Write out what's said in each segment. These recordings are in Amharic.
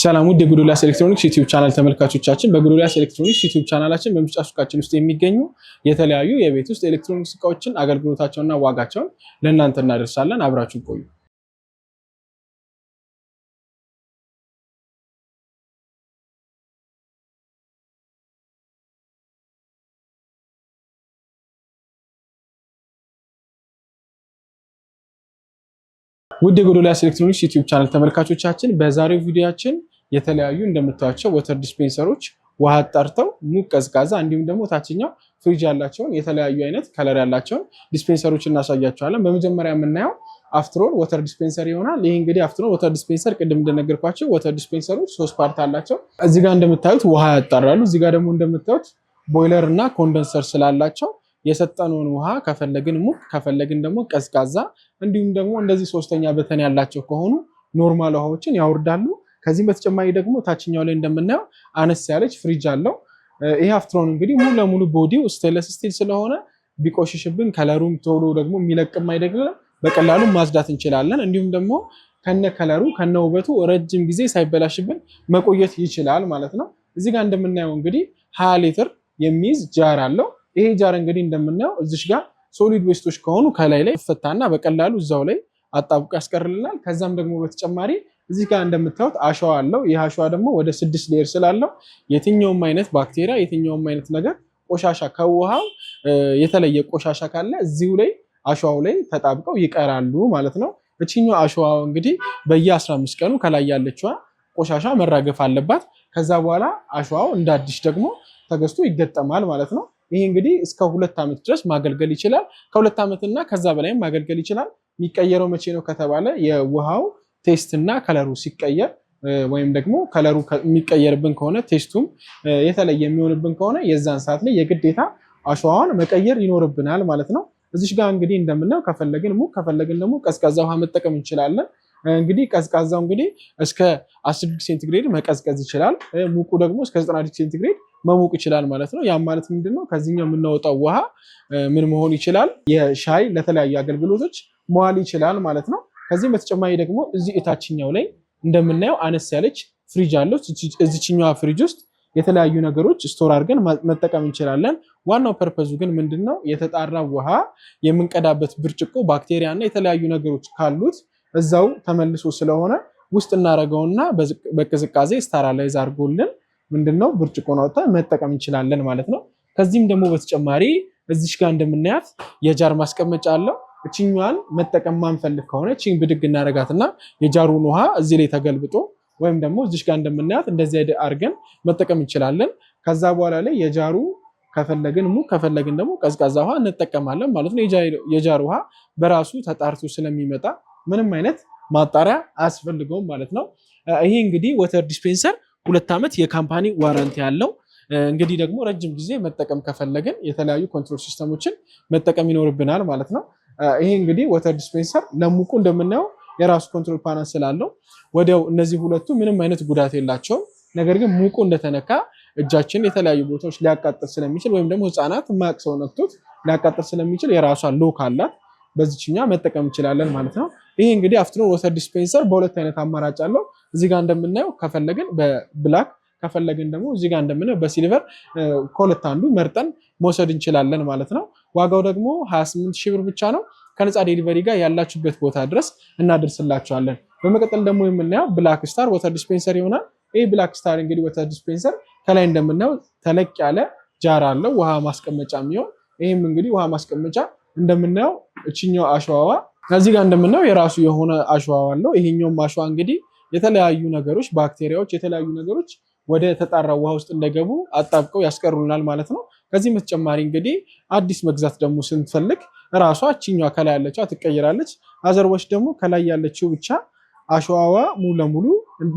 ሰላም ውድ የጎዶልያስ ኤሌክትሮኒክስ ዩቲዩብ ቻናል ተመልካቾቻችን፣ በጎዶልያስ ኤሌክትሮኒክስ ዩቲዩብ ቻናላችን በምርጫ ሱቃችን ውስጥ የሚገኙ የተለያዩ የቤት ውስጥ ኤሌክትሮኒክስ እቃዎችን አገልግሎታቸውና ዋጋቸውን ለእናንተ እናደርሳለን። አብራችሁ ቆዩ። ውድ የጎዶልያስ ኤሌክትሮኒክስ ዩቲዩብ ቻናል ተመልካቾቻችን በዛሬው ቪዲዮችን የተለያዩ እንደምታዩቸው ወተር ዲስፔንሰሮች ውሃ አጣርተው ሙቅ፣ ቀዝቃዛ እንዲሁም ደግሞ ታችኛው ፍሪጅ ያላቸውን የተለያዩ አይነት ከለር ያላቸውን ዲስፔንሰሮች እናሳያቸዋለን። በመጀመሪያ የምናየው አፍትሮን ወተር ዲስፔንሰር ይሆናል። ይህ እንግዲህ አፍትሮን ወተር ዲስፔንሰር ቅድም እንደነገርኳቸው ወተር ዲስፔንሰሮች ሶስት ፓርት አላቸው። እዚጋ እንደምታዩት ውሃ ያጣራሉ። እዚጋ ደግሞ እንደምታዩት ቦይለር እና ኮንደንሰር ስላላቸው የሰጠነውን ውሃ ከፈለግን ሙቅ ከፈለግን ደግሞ ቀዝቃዛ እንዲሁም ደግሞ እንደዚህ ሶስተኛ በተን ያላቸው ከሆኑ ኖርማል ውሃዎችን ያወርዳሉ። ከዚህም በተጨማሪ ደግሞ ታችኛው ላይ እንደምናየው አነስ ያለች ፍሪጅ አለው። ይህ አፍትሮን እንግዲህ ሙሉ ለሙሉ ቦዲው ስቴንለስ ስቲል ስለሆነ ቢቆሽሽብን ከለሩም ቶሎ ደግሞ የሚለቅም አይደለም፣ በቀላሉ ማጽዳት እንችላለን። እንዲሁም ደግሞ ከነ ከለሩ ከነ ውበቱ ረጅም ጊዜ ሳይበላሽብን መቆየት ይችላል ማለት ነው። እዚህ ጋር እንደምናየው እንግዲህ ሀያ ሊትር የሚይዝ ጃር አለው። ይሄ ጃር እንግዲህ እንደምናየው እዚሽ ጋር ሶሊድ ዌስቶች ከሆኑ ከላይ ላይ ፈታና በቀላሉ እዛው ላይ አጣብቆ ያስቀርልናል። ከዛም ደግሞ በተጨማሪ እዚህ ጋር እንደምታዩት አሸዋ አለው። ይህ አሸዋ ደግሞ ወደ ስድስት ሌየር ስላለው የትኛውም አይነት ባክቴሪያ፣ የትኛውም አይነት ነገር ቆሻሻ ከውሃው የተለየ ቆሻሻ ካለ እዚሁ ላይ አሸዋው ላይ ተጣብቀው ይቀራሉ ማለት ነው። እችኛ አሸዋ እንግዲህ በየ15 ቀኑ ከላይ ያለችዋ ቆሻሻ መራገፍ አለባት። ከዛ በኋላ አሸዋው እንደ አዲስ ደግሞ ተገዝቶ ይገጠማል ማለት ነው። ይህ እንግዲህ እስከ ሁለት ዓመት ድረስ ማገልገል ይችላል። ከሁለት ዓመትና ከዛ በላይም ማገልገል ይችላል። የሚቀየረው መቼ ነው ከተባለ የውሃው ቴስት እና ከለሩ ሲቀየር ወይም ደግሞ ከለሩ የሚቀየርብን ከሆነ ቴስቱም የተለየ የሚሆንብን ከሆነ የዛን ሰዓት ላይ የግዴታ አሸዋዋን መቀየር ይኖርብናል ማለት ነው። እዚሽ ጋር እንግዲህ እንደምናየው ከፈለግን ሙቅ ከፈለግን ደግሞ ቀዝቃዛ ውሃ መጠቀም እንችላለን። እንግዲህ ቀዝቃዛው እንግዲህ እስከ አስር ዲግሪ ሴንቲግሬድ መቀዝቀዝ ይችላል። ሙቁ ደግሞ እስከ ዘጠና ዲግሪ ሴንቲግሬድ መሞቅ ይችላል ማለት ነው። ያም ማለት ምንድን ነው? ከዚህኛው የምናወጣው ውሃ ምን መሆን ይችላል? የሻይ ለተለያዩ አገልግሎቶች መዋል ይችላል ማለት ነው። ከዚህም በተጨማሪ ደግሞ እዚህ እታችኛው ላይ እንደምናየው አነስ ያለች ፍሪጅ አለች። እዚችኛዋ ፍሪጅ ውስጥ የተለያዩ ነገሮች ስቶር አድርገን መጠቀም እንችላለን። ዋናው ፐርፐዙ ግን ምንድን ነው? የተጣራ ውሃ የምንቀዳበት ብርጭቆ ባክቴሪያ እና የተለያዩ ነገሮች ካሉት እዛው ተመልሶ ስለሆነ ውስጥ እናደርገውና በቅዝቃዜ ስታራላይዝ አድርጎልን ምንድነው ብርጭቆን አውጥታ መጠቀም እንችላለን ማለት ነው። ከዚህም ደግሞ በተጨማሪ እዚሽ ጋር እንደምናያት የጃር ማስቀመጫ አለው። እችኛዋን መጠቀም ማንፈልግ ከሆነ እቺን ብድግ እናደርጋትና የጃሩን ውሃ እዚህ ላይ ተገልብጦ ወይም ደግሞ እዚሽ ጋር እንደምናያት እንደዚህ አድርገን መጠቀም እንችላለን። ከዛ በኋላ ላይ የጃሩ ከፈለግን ሙ ከፈለግን ደግሞ ቀዝቃዛ ውሃ እንጠቀማለን ማለት ነው። የጃር ውሃ በራሱ ተጣርቶ ስለሚመጣ ምንም አይነት ማጣሪያ አያስፈልገውም ማለት ነው። ይሄ እንግዲህ ወተር ዲስፔንሰር ሁለት ዓመት የካምፓኒ ዋረንቲ ያለው እንግዲህ ደግሞ ረጅም ጊዜ መጠቀም ከፈለግን የተለያዩ ኮንትሮል ሲስተሞችን መጠቀም ይኖርብናል ማለት ነው። ይሄ እንግዲህ ወተር ዲስፔንሰር ለሙቁ እንደምናየው የራሱ ኮንትሮል ፓናል ስላለው ወዲያው እነዚህ ሁለቱ ምንም አይነት ጉዳት የላቸውም። ነገር ግን ሙቁ እንደተነካ እጃችን የተለያዩ ቦታዎች ሊያቃጥል ስለሚችል ወይም ደግሞ ህፃናት ማቅ ሰው ነክቶት ሊያቃጥል ስለሚችል የራሷ ሎክ አላት። በዚችኛ መጠቀም እንችላለን ማለት ነው። ይሄ እንግዲህ አፍትኖ ወተር ዲስፔንሰር በሁለት አይነት አማራጭ አለው። እዚህ ጋር እንደምናየው ከፈለግን በብላክ ከፈለግን ደግሞ እዚህ ጋር እንደምናየው በሲልቨር ከሁለት አንዱ መርጠን መውሰድ እንችላለን ማለት ነው። ዋጋው ደግሞ 28 ሺህ ብር ብቻ ነው። ከነፃ ዴሊቨሪ ጋር ያላችሁበት ቦታ ድረስ እናደርስላችኋለን። በመቀጠል ደግሞ የምናየው ብላክ ስታር ወተር ዲስፔንሰር ይሆናል። ይህ ብላክ ስታር እንግዲህ ወተር ዲስፔንሰር ከላይ እንደምናየው ተለቅ ያለ ጃር አለው ውሃ ማስቀመጫ የሚሆን ይህም እንግዲህ ውሃ ማስቀመጫ እንደምናየው እችኛው አሸዋዋ ከዚህ ጋር እንደምናየው የራሱ የሆነ አሸዋዋ አለው። ይሄኛውም አሸዋ እንግዲህ የተለያዩ ነገሮች ባክቴሪያዎች፣ የተለያዩ ነገሮች ወደ ተጣራ ውሃ ውስጥ እንደገቡ አጣብቀው ያስቀሩልናል ማለት ነው። ከዚህም በተጨማሪ እንግዲህ አዲስ መግዛት ደግሞ ስንፈልግ ራሷ እችኛዋ ከላይ ያለችዋ ትቀይራለች። አዘርቦች ደግሞ ከላይ ያለችው ብቻ አሸዋዋ ሙሉ ለሙሉ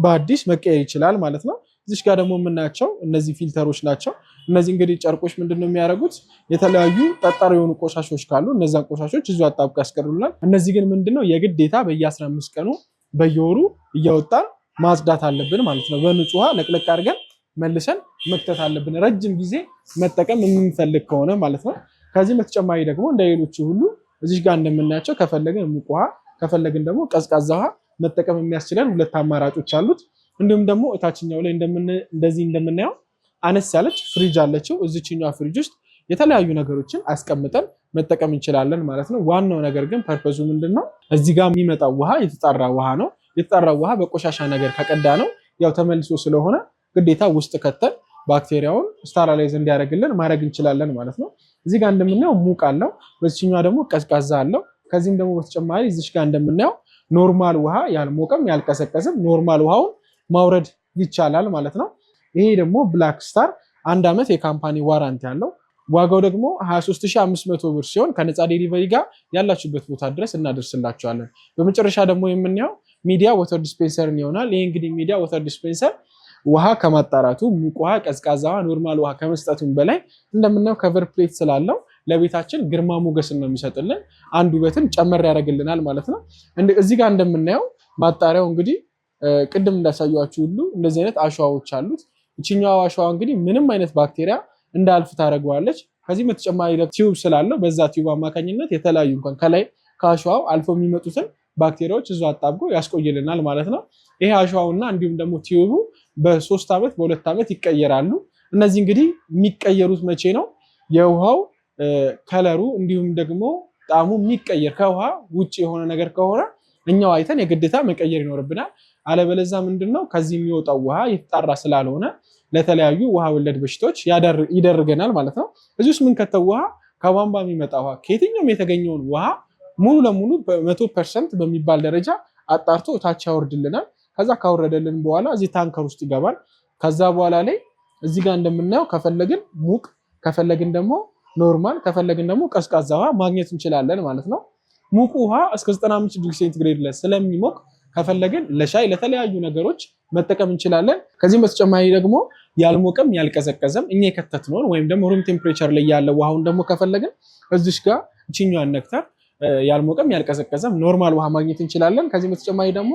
በአዲስ መቀየር ይችላል ማለት ነው። እዚሽ ጋር ደግሞ የምናያቸው እነዚህ ፊልተሮች ናቸው። እነዚህ እንግዲህ ጨርቆች ምንድን ነው የሚያደርጉት? የተለያዩ ጠጣር የሆኑ ቆሻሾች ካሉ እነዚን ቆሻሾች እዚሁ አጣብቀው ያስቀሩልናል። እነዚህ ግን ምንድን ነው የግዴታ በየ15 ቀኑ በየወሩ እያወጣን ማጽዳት አለብን ማለት ነው። በንጹህ ውሃ ለቅለቅ አድርገን መልሰን መክተት አለብን፣ ረጅም ጊዜ መጠቀም የምንፈልግ ከሆነ ማለት ነው። ከዚህም በተጨማሪ ደግሞ እንደ ሌሎቹ ሁሉ እዚህ ጋር እንደምናያቸው ከፈለግን ሙቅ ውሃ ከፈለግን ደግሞ ቀዝቃዛ ውሃ መጠቀም የሚያስችለን ሁለት አማራጮች አሉት። እንዲሁም ደግሞ እታችኛው ላይ እንደዚህ እንደምናየው አነስ ያለች ፍሪጅ አለችው። እዚችኛዋ ፍሪጅ ውስጥ የተለያዩ ነገሮችን አስቀምጠን መጠቀም እንችላለን ማለት ነው። ዋናው ነገር ግን ፐርፐዙ ምንድን ነው? እዚህ ጋር የሚመጣው ውሃ የተጣራ ውሃ ነው። የተጣራ ውሃ በቆሻሻ ነገር ከቀዳ ነው ያው ተመልሶ ስለሆነ ግዴታ ውስጥ ከተን ባክቴሪያውን ስታራላይዝ እንዲያደርግልን ማድረግ እንችላለን ማለት ነው። እዚህ ጋር እንደምናየው ሙቅ አለው፣ በዚችኛ ደግሞ ቀዝቃዛ አለው። ከዚህም ደግሞ በተጨማሪ እዚች ጋር እንደምናየው ኖርማል ውሃ ያልሞቀም ያልቀሰቀስም ኖርማል ውሃውን ማውረድ ይቻላል ማለት ነው። ይሄ ደግሞ ብላክ ስታር አንድ ዓመት የካምፓኒ ዋራንት ያለው ዋጋው ደግሞ 23500 ብር ሲሆን ከነፃ ዴሊቨሪ ጋር ያላችሁበት ቦታ ድረስ እናደርስላችኋለን። በመጨረሻ ደግሞ የምናየው ሚዲያ ወተር ዲስፔንሰርን ይሆናል። ይህ እንግዲህ ሚዲያ ወተር ዲስፔንሰር ውሃ ከማጣራቱ ሙቅ ውሃ፣ ቀዝቃዛ ውሃ፣ ኖርማል ውሃ ከመስጠቱም በላይ እንደምናየው ከቨር ፕሌት ስላለው ለቤታችን ግርማ ሞገስን ነው የሚሰጥልን። አንድ ውበትን ጨመር ያደርግልናል ማለት ነው። እዚህ ጋር እንደምናየው ማጣሪያው እንግዲህ ቅድም እንዳሳየኋችሁ ሁሉ እንደዚህ አይነት አሸዋዎች አሉት። ይችኛዋ አሸዋ እንግዲህ ምንም አይነት ባክቴሪያ እንዳልፍ ታደርገዋለች። ከዚህ በተጨማሪ ቲዩብ ስላለው በዛ ቲዩብ አማካኝነት የተለያዩ እንኳን ከላይ ከአሸዋው አልፎ የሚመጡትን ባክቴሪያዎች እዛ አጣብቆ ያስቆይልናል ማለት ነው። ይሄ አሸዋውና እንዲሁም ደግሞ ቲዩቡ በሶስት ዓመት በሁለት ዓመት ይቀየራሉ። እነዚህ እንግዲህ የሚቀየሩት መቼ ነው? የውሃው ከለሩ እንዲሁም ደግሞ ጣዕሙ የሚቀየር ከውሃ ውጭ የሆነ ነገር ከሆነ እኛው አይተን የግዴታ መቀየር ይኖርብናል። አለበለዛ ምንድን ነው ከዚህ የሚወጣው ውሃ የተጣራ ስላልሆነ ለተለያዩ ውሃ ወለድ በሽታዎች ይደርገናል ማለት ነው። እዚህ ውስጥ የምንከተው ውሃ ከቧንቧ የሚመጣ ውሃ ከየትኛውም የተገኘውን ውሃ ሙሉ ለሙሉ በመቶ ፐርሰንት በሚባል ደረጃ አጣርቶ እታች ያወርድልናል። ከዛ ካወረደልን በኋላ እዚህ ታንከር ውስጥ ይገባል። ከዛ በኋላ ላይ እዚህ ጋር እንደምናየው ከፈለግን ሙቅ፣ ከፈለግን ደግሞ ኖርማል፣ ከፈለግን ደግሞ ቀዝቃዛ ውሃ ማግኘት እንችላለን ማለት ነው። ሙቁ ውሃ እስከ 95 ዲግሪ ሴንቲግሬድ ላይ ስለሚሞቅ ከፈለግን ለሻይ ለተለያዩ ነገሮች መጠቀም እንችላለን። ከዚህም በተጨማሪ ደግሞ ያልሞቀም ያልቀዘቀዘም እኛ የከተትነውን ወይም ደግሞ ሩም ቴምፕሬቸር ላይ ያለ ውሃውን ደግሞ ከፈለግን እዚሽ ጋር እችኛዋን ነክተን ያልሞቀም ያልቀዘቀዘም ኖርማል ውሃ ማግኘት እንችላለን። ከዚህም በተጨማሪ ደግሞ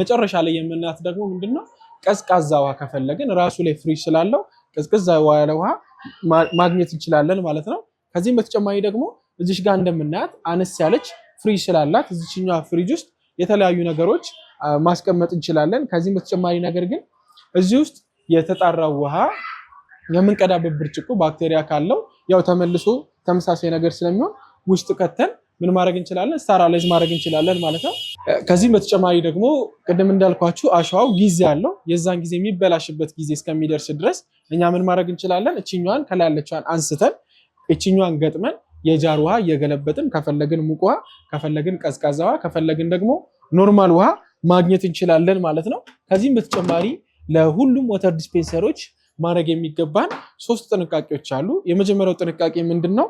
መጨረሻ ላይ የምናት ደግሞ ምንድነው ቀዝቃዛ ውሃ ከፈለግን ራሱ ላይ ፍሪጅ ስላለው ቀዝቅዛ ያለ ውሃ ማግኘት እንችላለን ማለት ነው። ከዚህም በተጨማሪ ደግሞ እዚሽ ጋር እንደምናያት አነስ ያለች ፍሪጅ ስላላት እዚችኛዋ ፍሪጅ ውስጥ የተለያዩ ነገሮች ማስቀመጥ እንችላለን። ከዚህም በተጨማሪ ነገር ግን እዚህ ውስጥ የተጣራው ውሃ የምንቀዳበት ብርጭቆ ባክቴሪያ ካለው ያው ተመልሶ ተመሳሳይ ነገር ስለሚሆን ውስጥ ከተን ምን ማድረግ እንችላለን? ስታራላይዝ ማድረግ እንችላለን ማለት ነው። ከዚህም በተጨማሪ ደግሞ ቅድም እንዳልኳችሁ አሸዋው ጊዜ አለው። የዛን ጊዜ የሚበላሽበት ጊዜ እስከሚደርስ ድረስ እኛ ምን ማድረግ እንችላለን? እችኛዋን ከላለቿን አንስተን እችኛዋን ገጥመን የጃር ውሃ እየገለበጥን ከፈለግን ሙቅ ውሃ፣ ከፈለግን ቀዝቃዛ ውሃ፣ ከፈለግን ደግሞ ኖርማል ውሃ ማግኘት እንችላለን ማለት ነው። ከዚህም በተጨማሪ ለሁሉም ወተር ዲስፔንሰሮች ማድረግ የሚገባን ሶስት ጥንቃቄዎች አሉ። የመጀመሪያው ጥንቃቄ ምንድን ነው?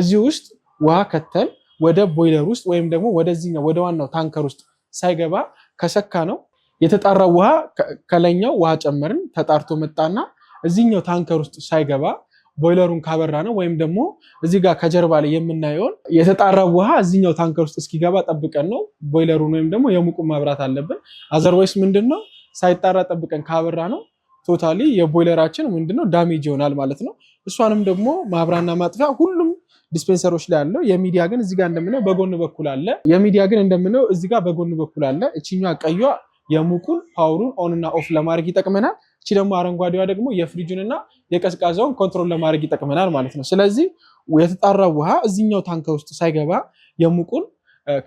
እዚህ ውስጥ ውሃ ከተን ወደ ቦይለር ውስጥ ወይም ደግሞ ወደዚህኛው ወደ ዋናው ታንከር ውስጥ ሳይገባ ከሰካ ነው የተጣራው ውሃ ከላይኛው ውሃ ጨመርን ተጣርቶ መጣና እዚህኛው ታንከር ውስጥ ሳይገባ ቦይለሩን ካበራ ነው ወይም ደግሞ እዚህ ጋር ከጀርባ ላይ የምናየውን የተጣራው ውሃ እዚኛው ታንከር ውስጥ እስኪገባ ጠብቀን ነው ቦይለሩን ወይም ደግሞ የሙቁን ማብራት አለብን። አዘርዋይስ ምንድን ነው ሳይጣራ ጠብቀን ካበራ ነው ቶታሊ የቦይለራችን ምንድነው ዳሜጅ ይሆናል ማለት ነው። እሷንም ደግሞ ማብራና ማጥፊያ ሁሉም ዲስፔንሰሮች ላይ አለው። የሚዲያ ግን እዚጋ እንደምነው በጎን በኩል አለ። የሚዲያ ግን እንደምናየው እዚጋ በጎን በኩል አለ። እችኛ ቀዩ የሙቁን ፓወሩን ኦን እና ኦፍ ለማድረግ ይጠቅመናል። እቺ ደግሞ አረንጓዴዋ ደግሞ የፍሪጁንና የቀዝቃዛውን ኮንትሮል ለማድረግ ይጠቅመናል ማለት ነው። ስለዚህ የተጣራው ውሃ እዚኛው ታንከ ውስጥ ሳይገባ የሙቁን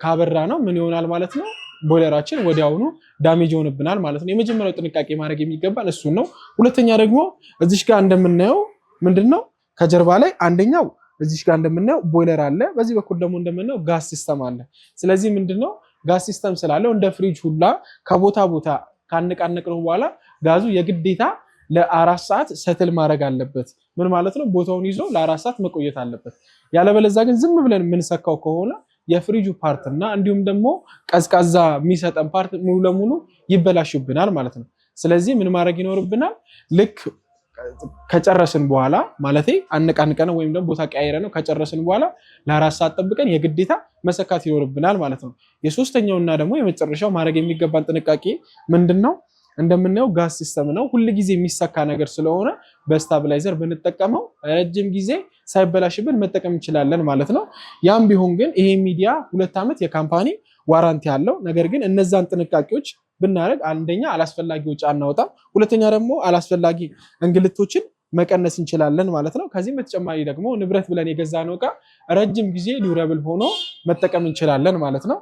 ካበራ ነው ምን ይሆናል ማለት ነው ቦይለራችን ወዲያውኑ ዳሜጅ ይሆንብናል ማለት ነው። የመጀመሪያው ጥንቃቄ ማድረግ የሚገባን እሱን ነው። ሁለተኛ ደግሞ እዚሽ ጋር እንደምናየው ምንድን ነው ከጀርባ ላይ አንደኛው እዚሽ ጋር እንደምናየው ቦይለር አለ። በዚህ በኩል ደግሞ እንደምናየው ጋዝ ሲስተም አለ። ስለዚህ ምንድን ነው ጋዝ ሲስተም ስላለው እንደ ፍሪጅ ሁላ ከቦታ ቦታ ካነቃነቅ ነው በኋላ ጋዙ የግዴታ ለአራት ሰዓት ሰትል ማድረግ አለበት። ምን ማለት ነው? ቦታውን ይዞ ለአራት ሰዓት መቆየት አለበት። ያለበለዛ ግን ዝም ብለን የምንሰካው ከሆነ የፍሪጁ ፓርት እና እንዲሁም ደግሞ ቀዝቃዛ የሚሰጠን ፓርት ሙሉ ለሙሉ ይበላሹብናል ማለት ነው። ስለዚህ ምን ማድረግ ይኖርብናል? ልክ ከጨረስን በኋላ ማለት አነቃንቀ ወይም ደግሞ ቦታ ቀያይረ ነው ከጨረስን በኋላ ለአራት ሰዓት ጠብቀን የግዴታ መሰካት ይኖርብናል ማለት ነው። የሶስተኛውና ደግሞ የመጨረሻው ማድረግ የሚገባን ጥንቃቄ ምንድን ነው? እንደምናየው ጋዝ ሲስተም ነው። ሁል ጊዜ የሚሰካ ነገር ስለሆነ በስታብላይዘር ብንጠቀመው ረጅም ጊዜ ሳይበላሽብን መጠቀም እንችላለን ማለት ነው። ያም ቢሆን ግን ይሄ ሚዲያ ሁለት ዓመት የካምፓኒ ዋራንቲ አለው። ነገር ግን እነዛን ጥንቃቄዎች ብናደርግ አንደኛ አላስፈላጊ ወጪ አናወጣም፣ ሁለተኛ ደግሞ አላስፈላጊ እንግልቶችን መቀነስ እንችላለን ማለት ነው። ከዚህም በተጨማሪ ደግሞ ንብረት ብለን የገዛነው እቃ ረጅም ጊዜ ዲውረብል ሆኖ መጠቀም እንችላለን ማለት ነው።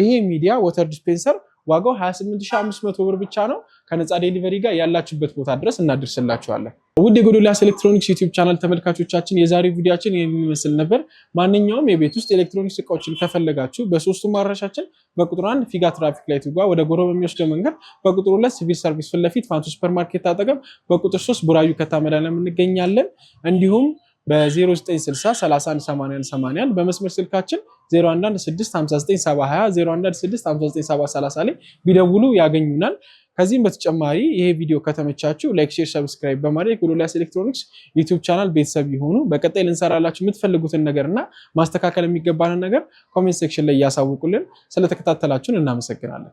ይሄ ሚዲያ ወተር ዲስፔንሰር ዋጋው 28500 ብር ብቻ ነው። ከነፃ ዴሊቨሪ ጋር ያላችሁበት ቦታ ድረስ እናደርስላችኋለን። ውድ የጎዶልያስ ኤሌክትሮኒክስ ዩቲዩብ ቻናል ተመልካቾቻችን የዛሬው ቪዲዮችን የሚመስል ነበር። ማንኛውም የቤት ውስጥ ኤሌክትሮኒክስ እቃዎችን ከፈለጋችሁ በሶስቱ ማድረሻችን በቁጥር አንድ ፊጋ ትራፊክ ላይ ትጓ ወደ ጎሮ በሚወስደው መንገድ፣ በቁጥር ሁለት ሲቪል ሰርቪስ ፊት ለፊት ፋንቱ ሱፐርማርኬት አጠገብ፣ በቁጥር ሶስት ቡራዩ ከታመዳለም እንገኛለን እንዲሁም በ0960 በመስመር ስልካችን 0116597020 ላይ ቢደውሉ ያገኙናል። ከዚህም በተጨማሪ ይሄ ቪዲዮ ከተመቻችሁ ላይክ፣ ሼር፣ ሰብስክራይብ በማድረግ ጎዶልያስ ኤሌክትሮኒክስ ዩቲዩብ ቻናል ቤተሰብ ይሆኑ። በቀጣይ ልንሰራላችሁ የምትፈልጉትን ነገር እና ማስተካከል የሚገባንን ነገር ኮሜንት ሴክሽን ላይ እያሳውቁልን። ስለተከታተላችሁን እናመሰግናለን።